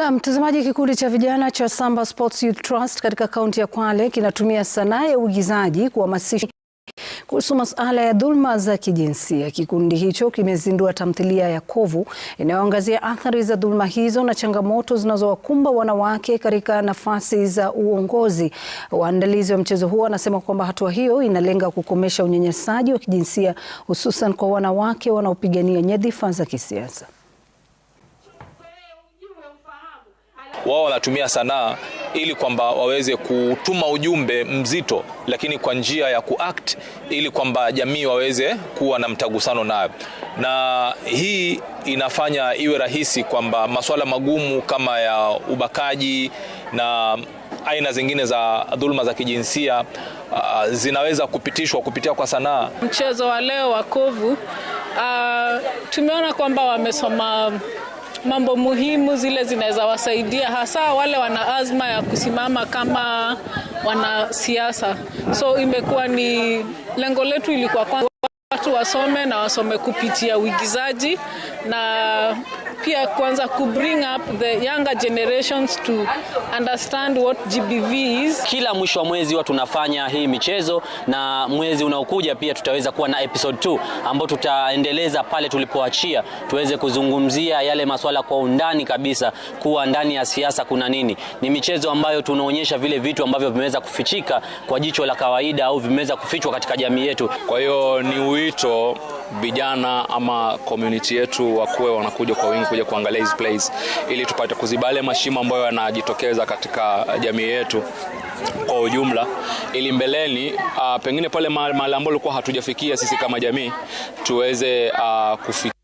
Na mtazamaji, kikundi cha vijana cha Samba Sports Youth Trust katika kaunti ya Kwale kinatumia sanaa ya uigizaji kuhamasisha kuhusu masuala ya dhulma za kijinsia. Kikundi hicho kimezindua tamthilia ya Kovu inayoangazia athari za dhulma hizo na changamoto zinazowakumba wanawake katika nafasi za uongozi. Waandalizi wa mchezo huo wanasema kwamba hatua hiyo inalenga kukomesha unyanyasaji wa kijinsia, hususan kwa wanawake wanaopigania nyadhifa za kisiasa. wao wanatumia sanaa ili kwamba waweze kutuma ujumbe mzito, lakini kwa njia ya kuact, ili kwamba jamii waweze kuwa na mtagusano nayo, na hii inafanya iwe rahisi kwamba masuala magumu kama ya ubakaji na aina zingine za dhuluma za kijinsia uh, zinaweza kupitishwa kupitia kwa sanaa. Mchezo wa leo wa kovu uh, tumeona kwamba wamesoma mambo muhimu zile zinaweza wasaidia hasa wale wana azma ya kusimama kama wanasiasa. So imekuwa ni lengo letu ilikuwa kwanza watu wasome na wasome kupitia uigizaji na pia kuanza ku bring up the younger generations to understand what GBV is. Kila mwisho wa mwezi huwa tunafanya hii michezo, na mwezi unaokuja pia tutaweza kuwa na episode 2 ambayo tutaendeleza pale tulipoachia, tuweze kuzungumzia yale maswala kwa undani kabisa, kuwa ndani ya siasa kuna nini. Ni michezo ambayo tunaonyesha vile vitu ambavyo vimeweza kufichika kwa jicho la kawaida au vimeweza kufichwa katika jamii yetu. Kwa hiyo ni watoto vijana ama community yetu wakuwe wanakuja kwa wingi kuja kuangalia hizi plays ili tupate kuziba yale mashimo ambayo yanajitokeza katika jamii yetu kwa ujumla, ili mbeleni uh, pengine pale mahali ambapo likuwa hatujafikia sisi kama jamii tuweze uh, ah, kufikia